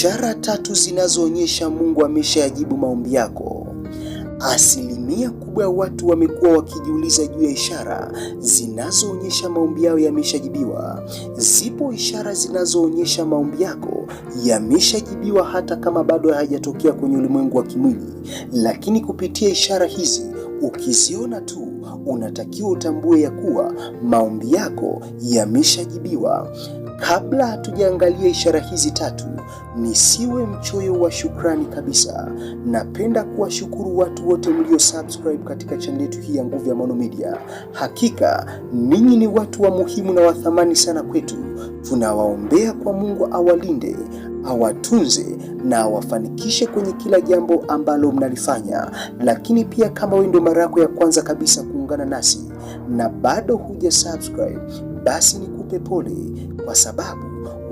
ishara tatu zinazoonyesha Mungu ameshayajibu maombi yako. Asilimia kubwa ya watu wamekuwa wakijiuliza juu ya ishara zinazoonyesha maombi yao yameshajibiwa. Zipo ishara zinazoonyesha maombi yako yameshajibiwa hata kama bado hayajatokea kwenye ulimwengu wa kimwili, lakini kupitia ishara hizi ukiziona tu unatakiwa utambue ya kuwa maombi yako yameshajibiwa. Kabla hatujaangalia ishara hizi tatu, nisiwe mchoyo wa shukrani kabisa. Napenda kuwashukuru watu wote mlio subscribe katika channel yetu hii ya Nguvu ya Maono Media. Hakika ninyi ni watu wa muhimu na wathamani sana kwetu. Tunawaombea kwa Mungu awalinde, awatunze na awafanikishe kwenye kila jambo ambalo mnalifanya. Lakini pia kama wewe ndio mara yako ya kwanza kabisa kuungana nasi na bado huja subscribe, basi ni pepole, kwa sababu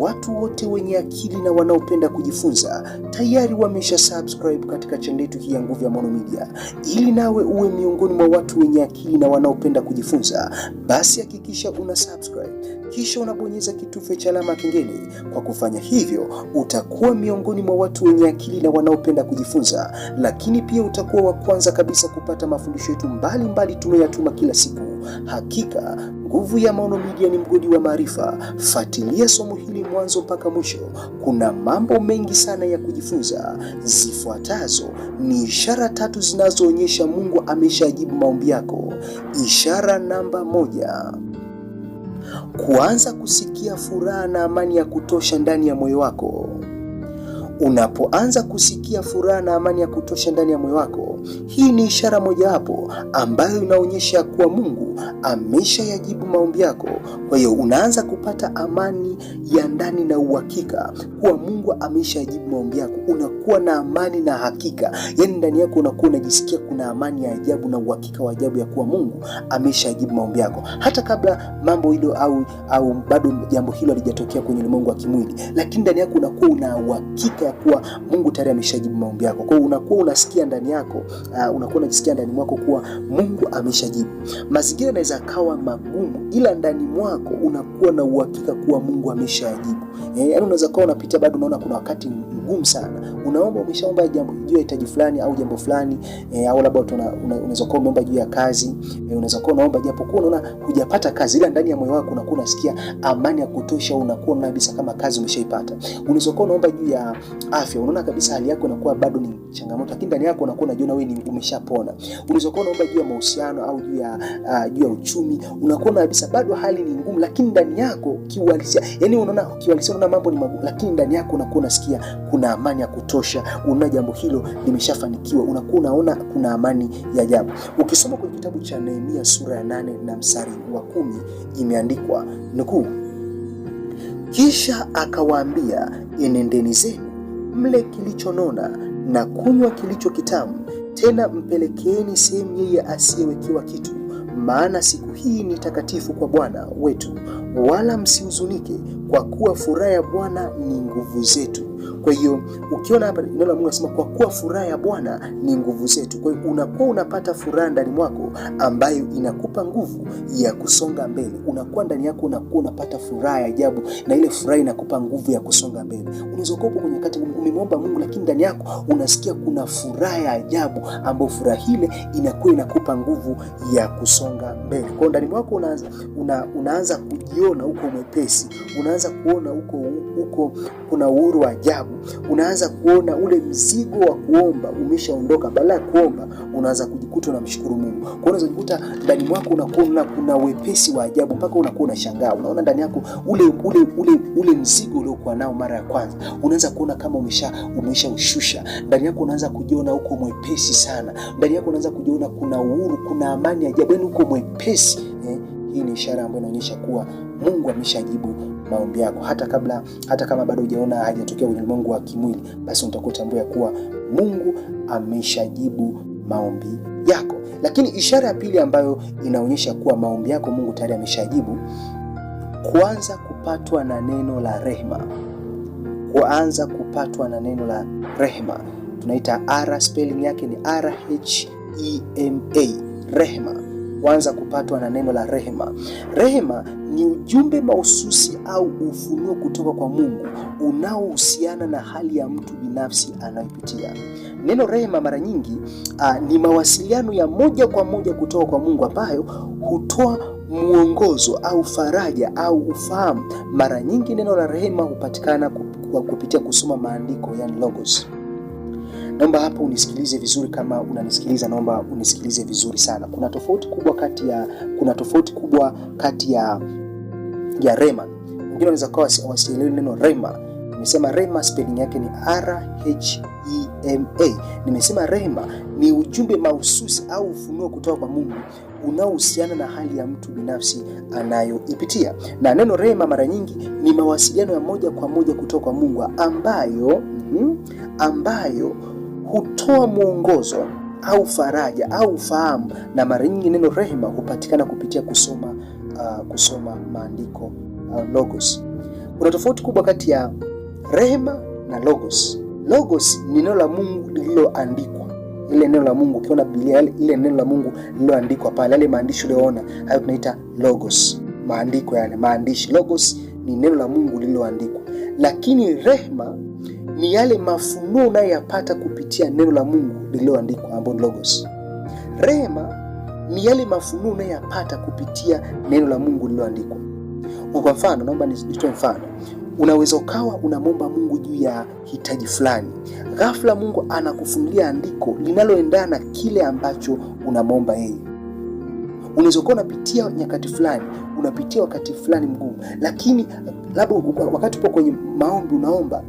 watu wote wenye akili na wanaopenda kujifunza tayari wamesha subscribe katika channel yetu hii ya Nguvu ya Maono Media. Ili nawe uwe miongoni mwa watu wenye akili na wanaopenda kujifunza, basi hakikisha una subscribe kisha unabonyeza kitufe cha alama kengele. Kwa kufanya hivyo, utakuwa miongoni mwa watu wenye akili na wanaopenda kujifunza, lakini pia utakuwa wa kwanza kabisa kupata mafundisho yetu mbalimbali tunayoyatuma kila siku. Hakika nguvu ya Maono Media ni mgodi wa maarifa. Fuatilia somo hili mwanzo mpaka mwisho. Kuna mambo mengi sana ya kujifunza. Zifuatazo ni ishara tatu zinazoonyesha Mungu ameshajibu maombi yako. Ishara namba moja: kuanza kusikia furaha na amani ya kutosha ndani ya moyo wako. Unapoanza kusikia furaha na amani ya kutosha ndani ya moyo wako, hii ni ishara mojawapo ambayo inaonyesha kuwa Mungu ameshayajibu maombi yako. Kwa hiyo unaanza kupata amani ya ndani na uhakika kuwa Mungu ameshayajibu maombi yako. Unakuwa na amani na hakika, yaani ndani yako unakuwa unajisikia kuna amani ya ajabu na uhakika wa ajabu ya kuwa Mungu ameshayajibu maombi yako, hata kabla mambo hilo au, au bado jambo hilo halijatokea kwenye ulimwengu wa kimwili, lakini ndani yako unakuwa una uhakika ya kuwa Mungu tayari ameshajibu maombi yako. Kwa hiyo unakuwa unasikia ndani yako, uh, unakuwa unajisikia ndani mwako kuwa Mungu ameshajibu. Mazingira yanaweza kawa magumu, ila ndani mwako unakuwa na uhakika kuwa Mungu ameshajibu. Eh, yaani unaweza kuwa unapita bado unaona kuna wakati ngumu sana. Unaomba, umeshaomba jambo juu ya hitaji fulani au jambo fulani e, au labda unaweza kuwa umeomba juu ya kazi e, unaweza kuwa unaomba japo kwa unaona hujapata kazi, ila ndani ya moyo wako unakuwa unasikia amani ya kutosha, unakuwa unaona kabisa kama kazi umeshaipata. Unaweza kuwa unaomba juu ya afya, unaona kabisa hali yako inakuwa bado ni changamoto, lakini ndani yako unakuwa unajiona wewe ni umeshapona. Unaweza kuwa unaomba juu ya mahusiano au juu ya uh, juu ya uchumi, unakuwa kabisa bado hali ni ngumu, lakini ndani yako kiuhalisia, yani unaona kiuhalisia, unaona mambo ni magumu, lakini ndani yako unakuwa unasikia kuna una amani ya kutosha, una jambo hilo limeshafanikiwa, unakuwa unaona kuna amani ya ajabu. Ukisoma kwenye kitabu cha Nehemia sura ya nane na mstari wa kumi imeandikwa nukuu, kisha akawaambia, enendeni zenu mle kilichonona na kunywa kilicho kitamu, tena mpelekeeni sehemu yeye asiyewekewa kitu, maana siku hii ni takatifu kwa Bwana wetu, wala msihuzunike kwa kuwa furaha ya Bwana ni nguvu zetu. Kwa hiyo ukiona hapa neno la Mungu nasema kwa kuwa furaha ya Bwana ni nguvu zetu. Kwa hiyo unakuwa unapata furaha ndani mwako ambayo inakupa nguvu ya kusonga mbele. Unakuwa ndani yako unakuwa unapata furaha ya ajabu, na ile furaha inakupa nguvu ya kusonga mbele. Unaweza kuwa kwenye kati umemwomba Mungu, lakini ndani yako unasikia kuna furaha ya ajabu, ambayo furaha ile inakuwa inakupa nguvu ya kusonga mbele. Kwa hiyo ndani mwako unaanza, una, unaanza kujiona huko mwepesi, unaanza unaanza kuona huko huko kuna uhuru wa ajabu. Unaanza kuona ule mzigo wa kuomba umeshaondoka. Badala ya kuomba, unaanza kujikuta unamshukuru Mungu. Kwa hiyo unajikuta ndani mwako unakuwa kuna wepesi wa ajabu, mpaka unakuwa unashangaa, unaona ndani yako ule ule ule ule mzigo uliokuwa nao mara ya kwanza, unaanza kuona kama umesha umesha ushusha. Ndani yako unaanza kujiona uko mwepesi sana. Ndani yako unaanza kujiona kuna uhuru, kuna amani ajabu, yaani uko mwepesi hii ni ishara ambayo inaonyesha kuwa Mungu ameshajibu maombi yako, hata kabla, hata kama bado hujaona hajatokea kwenye ulimwengu wa kimwili, basi utakuwa ya kuwa Mungu ameshajibu maombi yako. Lakini ishara ya pili ambayo inaonyesha kuwa maombi yako Mungu tayari ameshajibu, kuanza kupatwa na neno la rehema, kuanza kupatwa na neno la rehema tunaita R, spelling yake ni R H E M A, rehema kuanza kupatwa na neno la rehema. Rehema ni ujumbe mahususi au ufunuo kutoka kwa Mungu unaohusiana na hali ya mtu binafsi anayopitia. Neno rehema mara nyingi a, ni mawasiliano ya moja kwa moja kutoka kwa Mungu ambayo hutoa mwongozo au faraja au ufahamu. Mara nyingi neno la rehema hupatikana kwa kupitia kusoma maandiko, yani logos. Naomba hapo unisikilize vizuri, kama unanisikiliza, naomba unisikilize vizuri sana. Kuna tofauti kubwa kati ya kuna tofauti kubwa kati ya ya rema. Wengine wanaweza kuwa wasielewi neno rema. Nimesema rema spelling yake ni R H E M A. Nimesema rema ni ujumbe mahususi au ufunuo kutoka kwa Mungu unaohusiana na hali ya mtu binafsi anayoipitia. Na neno rema mara nyingi ni mawasiliano ya moja kwa moja kutoka kwa Mungu ambayo mm, ambayo hutoa mwongozo au faraja au fahamu, na mara nyingi neno rehema hupatikana kupitia kusoma, uh, kusoma maandiko uh, logos. Kuna tofauti kubwa kati ya rehema na logos. Logos ni neno la Mungu lililoandikwa, ile neno la Mungu ukiona Biblia, ile neno la Mungu lililoandikwa pale, yale maandishi uliyoona hayo tunaita logos, maandiko yale, maandishi. Logos ni neno la Mungu lililoandikwa, lakini rehema ni yale mafunuo unayoyapata kupitia neno la Mungu lililoandikwa ambao ni logos. Rehema ni yale mafunuo unayoyapata kupitia neno la Mungu lililoandikwa. Kwa mfano, naomba nitoe mfano. Unaweza ukawa unamwomba Mungu juu ya hitaji fulani, ghafla Mungu anakufunulia andiko linaloendana kile ambacho unamwomba yeye. Unaweza kuwa unapitia nyakati fulani, unapitia wakati fulani mgumu, lakini labda wakati upo kwenye maombi unaomba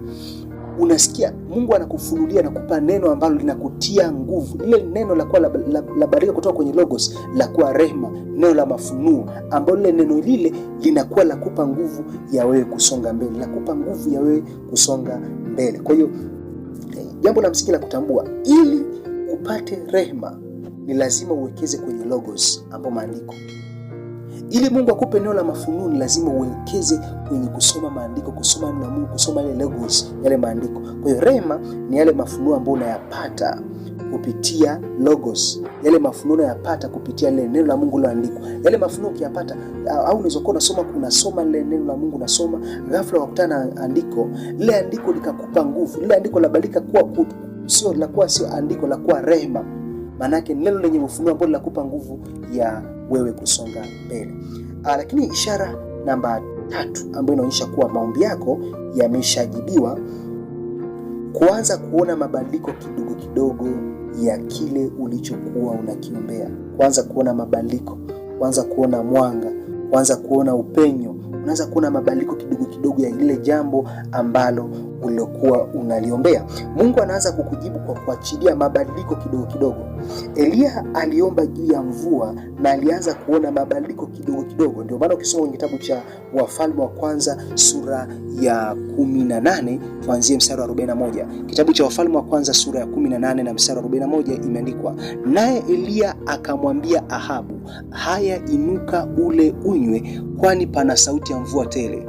unasikia Mungu anakufunulia, nakupa neno ambalo linakutia nguvu, lile neno la kuwa la, la, la baraka kutoka kwenye logos, la kuwa rehema, neno la mafunuo, ambalo lile neno lile linakuwa la kupa nguvu ya wewe kusonga mbele, la kupa nguvu ya wewe kusonga mbele. Kwa hiyo eh, jambo la msingi la kutambua, ili upate rehema ni lazima uwekeze kwenye logos, ambao maandiko ili Mungu akupe neno la mafununi, lazima uwekeze kwenye kusoma maandiko, kusoma neno la Mungu, kusoma ile logos, yale maandiko. Kwa hiyo rema ni yale mafunuo ambayo unayapata kupitia logos, yale mafunuo unayapata kupitia ile neno la Mungu liloandikwa. Yale mafunuo ukiyapata, au unaweza kuwa unasoma unasoma ile neno la Mungu unasoma, ghafla wakutana na andiko, lile andiko likakupa nguvu, lile andiko labadilika kuwa kutu, sio la kuwa sio andiko la kuwa rehema, maanake neno lenye ufunuo ambalo linakupa nguvu ya wewe kusonga mbele. Aa, ah, lakini ishara namba tatu ambayo inaonyesha kuwa maombi yako yameshajibiwa, kuanza kuona mabadiliko kidogo kidogo ya kile ulichokuwa unakiombea, kuanza kuona mabadiliko, kuanza kuona mwanga, kuanza kuona upenyo unaweza kuona mabadiliko kidogo kidogo ya ile jambo ambalo uliokuwa unaliombea. Mungu anaanza kukujibu kwa kuachilia mabadiliko kidogo kidogo. Eliya aliomba juu ya mvua na alianza kuona mabadiliko kidogo kidogo. Ndio maana ukisoma kwenye kitabu cha Wafalme wa Kwanza sura ya 18 kuanzia mstari wa 41, kitabu cha Wafalme wa Kwanza sura ya 18 na mstari wa 41 imeandikwa, naye Eliya akamwambia Ahabu, haya inuka ule unywe, kwani pana sauti ya mvua tele.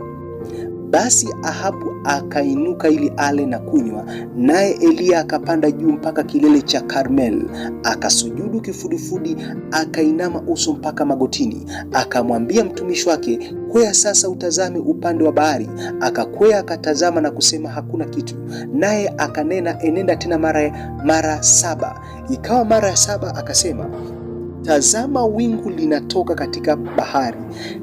Basi Ahabu akainuka ili ale na kunywa, naye Eliya akapanda juu mpaka kilele cha Karmel, akasujudu kifudifudi, akainama uso mpaka magotini. Akamwambia mtumishi wake, kwea sasa utazame upande wa bahari. Akakwea akatazama na kusema, hakuna kitu. Naye akanena, enenda tena mara mara saba. Ikawa mara ya saba akasema Tazama, wingu linatoka katika bahari,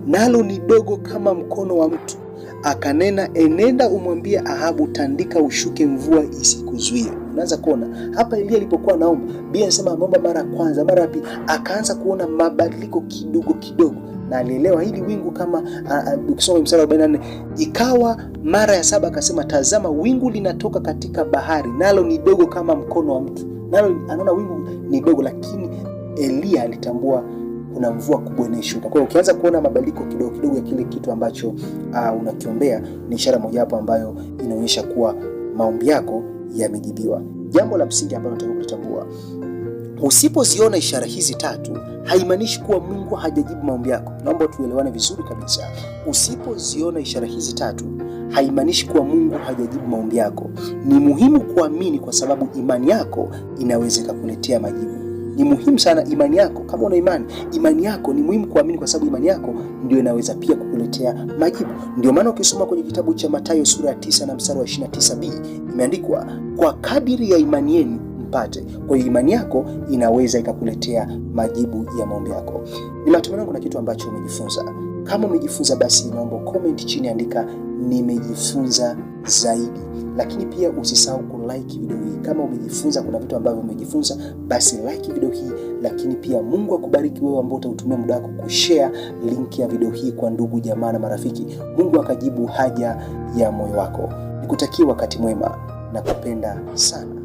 nalo ni dogo kama mkono wa mtu. Akanena, enenda umwambie Ahabu, tandika ushuke, mvua isikuzuia. Unaanza kuona hapa Elia alipokuwa naomba, Biblia inasema ameomba mara ya kwanza, mara ya pili, akaanza kuona mabadiliko kidogo kidogo na alielewa hili wingu kama ukisoma mstari 44, ikawa mara ya saba akasema, tazama wingu linatoka katika bahari, nalo ni dogo kama mkono wa mtu. Nalo anaona wingu ni dogo, lakini Elia alitambua kuna mvua kubwa inayoshuka. Kwa hiyo ukianza kuona mabadiliko kidogo kidogo ya kile kitu ambacho uh, unakiombea ni ishara mojawapo ambayo inaonyesha kuwa maombi yako yamejibiwa. Jambo la msingi ambalo nataka kulitambua, usipoziona ishara hizi tatu haimaanishi kuwa Mungu hajajibu maombi yako. Naomba tuelewane vizuri kabisa. Usipoziona ishara hizi tatu haimaanishi kuwa Mungu hajajibu maombi yako. Ni muhimu kuamini, kwa sababu imani yako inaweza ikakuletea majibu ni muhimu sana imani yako. Kama una imani, imani yako ni muhimu kuamini, kwa sababu imani yako ndio inaweza pia kukuletea majibu. Ndio maana ukisoma kwenye kitabu cha matayo sura ya 9 na mstari wa 29b imeandikwa, kwa kadiri ya imani yenu mpate. Kwa hiyo imani yako inaweza ikakuletea majibu ya maombi yako. Ni matumaini yangu na kitu ambacho umejifunza. Kama umejifunza, basi naomba comment chini, andika nimejifunza zaidi. Lakini pia usisahau kulike video hii kama umejifunza, kuna vitu ambavyo umejifunza, basi like video hii. Lakini pia Mungu akubariki wewe ambao utautumia muda wako kushea linki ya video hii kwa ndugu, jamaa na marafiki. Mungu akajibu haja ya moyo wako. Nikutakia wakati mwema na kupenda sana.